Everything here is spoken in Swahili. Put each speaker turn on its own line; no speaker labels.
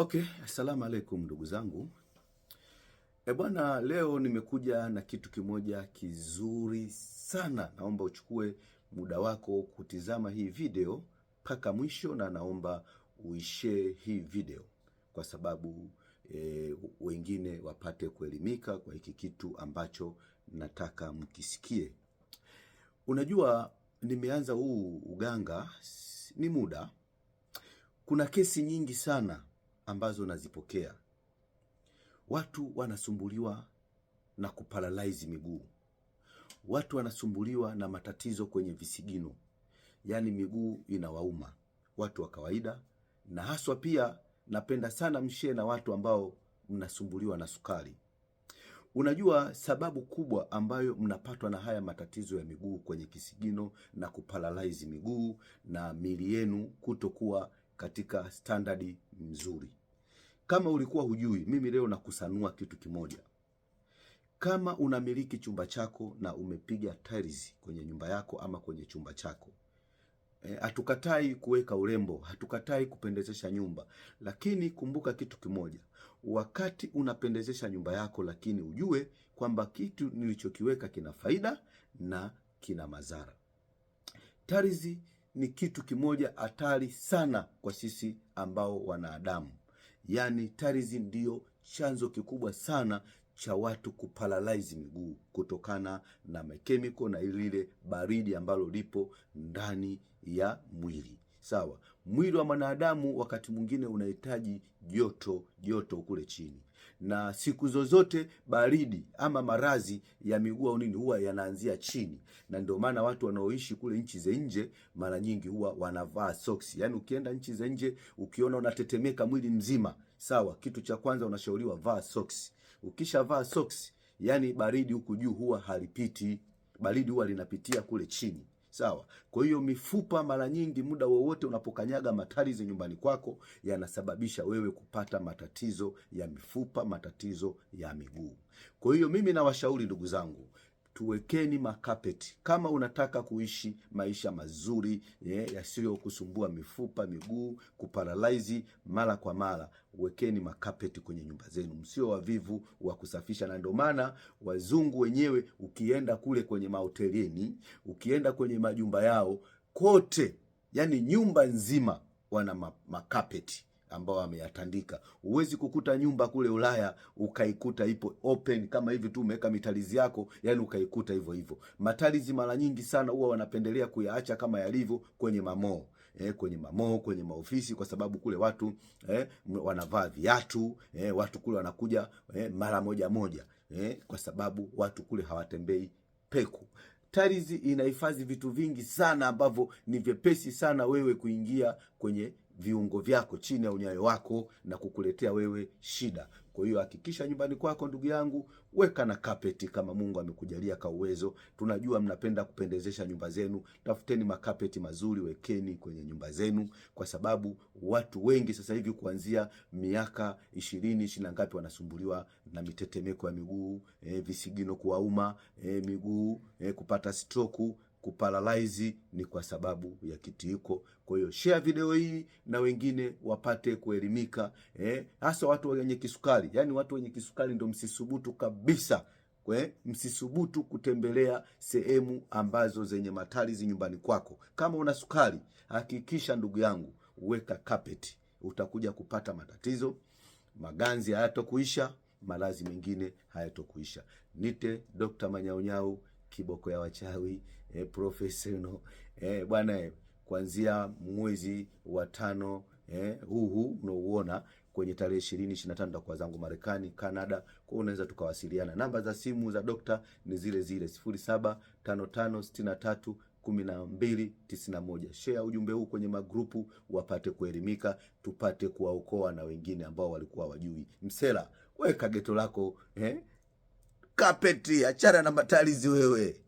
Okay, assalamu alaikum ndugu zangu. E bwana, leo nimekuja na kitu kimoja kizuri sana. Naomba uchukue muda wako kutizama hii video mpaka mwisho, na naomba uishe hii video kwa sababu e, wengine wapate kuelimika kwa hiki kitu ambacho nataka mkisikie. Unajua, nimeanza huu uganga ni muda, kuna kesi nyingi sana ambazo unazipokea. Watu wanasumbuliwa na kuparalyze miguu, watu wanasumbuliwa na matatizo kwenye visigino, yaani miguu inawauma watu wa kawaida, na haswa pia napenda sana mshie na watu ambao mnasumbuliwa na sukari. Unajua sababu kubwa ambayo mnapatwa na haya matatizo ya miguu kwenye kisigino na kuparalyze miguu na miili yenu kutokuwa katika standardi nzuri kama ulikuwa hujui, mimi leo nakusanua kitu kimoja. Kama unamiliki chumba chako na umepiga tiles kwenye nyumba yako ama kwenye chumba chako e, hatukatai kuweka urembo, hatukatai kupendezesha nyumba, lakini kumbuka kitu kimoja, wakati unapendezesha nyumba yako, lakini ujue kwamba kitu nilichokiweka kina faida na kina madhara. Tiles ni kitu kimoja hatari sana kwa sisi ambao wanadamu yani tarizi ndiyo chanzo kikubwa sana cha watu kuparalyze miguu kutokana na mechemical na lile baridi ambalo lipo ndani ya mwili sawa. Mwili wa mwanadamu wakati mwingine unahitaji joto, joto kule chini, na siku zozote baridi ama maradhi ya miguu au nini huwa yanaanzia chini, na ndio maana watu wanaoishi kule nchi za nje mara nyingi huwa wanavaa soksi. Yani ukienda nchi za nje ukiona unatetemeka mwili mzima, sawa, kitu cha kwanza unashauriwa vaa soksi. Ukishavaa soksi, yani baridi huku juu huwa halipiti, baridi huwa linapitia kule chini. Sawa. Kwa hiyo mifupa mara nyingi, muda wowote unapokanyaga matarizi nyumbani kwako, yanasababisha wewe kupata matatizo ya mifupa, matatizo ya miguu. Kwa hiyo mimi nawashauri ndugu zangu, tuwekeni makapeti kama unataka kuishi maisha mazuri yasiyokusumbua mifupa, miguu kuparalaizi mara kwa mara. Wekeni makapeti kwenye nyumba zenu, msio wavivu wa kusafisha. Na ndio maana wazungu wenyewe, ukienda kule kwenye mahotelini, ukienda kwenye majumba yao kote, yani nyumba nzima wana makapeti ambao ameyatandika. Huwezi kukuta nyumba kule Ulaya ukaikuta ipo open kama hivi tu umeweka mitalizi yako, yani ukaikuta hivyo hivyo. Matalizi mara nyingi sana huwa wanapendelea kuyaacha kama yalivyo kwenye mamoo eh, kwenye mamoo, kwenye maofisi, kwa sababu kule watu eh, wanavaa viatu eh, watu kule wanakuja eh, mara moja moja eh, kwa sababu watu kule hawatembei peku. Tarizi inahifadhi vitu vingi sana ambavyo ni vyepesi sana wewe kuingia kwenye viungo vyako chini ya unyayo wako na kukuletea wewe shida. Kwa hiyo hakikisha nyumbani kwako, ndugu yangu, weka na kapeti kama Mungu amekujalia ka uwezo. Tunajua mnapenda kupendezesha nyumba zenu, tafuteni makapeti mazuri, wekeni kwenye nyumba zenu, kwa sababu watu wengi sasa hivi kuanzia miaka ishirini ishirini na ngapi wanasumbuliwa na mitetemeko ya miguu, e, visigino kuwauma, e, miguu e, kupata stroke kuparalyze ni kwa sababu ya kitiiko. Kwa hiyo share video hii na wengine wapate kuelimika, eh, hasa watu wenye kisukari. Yani watu wenye kisukari ndio msisubutu kabisa We, eh, msisubutu kutembelea sehemu ambazo zenye matarizi nyumbani kwako. Kama una sukari, hakikisha ndugu yangu, weka kapeti, utakuja kupata matatizo. Maganzi hayatokuisha, maradhi mengine hayatokuisha. Nite Dr. Manyaunyau kiboko ya wachawi eh, professional eh, bwana eh, kuanzia mwezi wa tano eh, huu huu unauona kwenye tarehe ishirini ishirini na tano nitakuwa zangu Marekani, Canada. Kwa unaweza tukawasiliana, namba za simu za dokta ni zile zile sifuri saba tano tano sitini na tatu kumi na mbili tisini na moja. Share ujumbe huu kwenye magrupu wapate kuelimika, tupate kuwaokoa na wengine ambao walikuwa wajui. Msela, weka geto lako eh? kapeti, achana na matalizi wewe.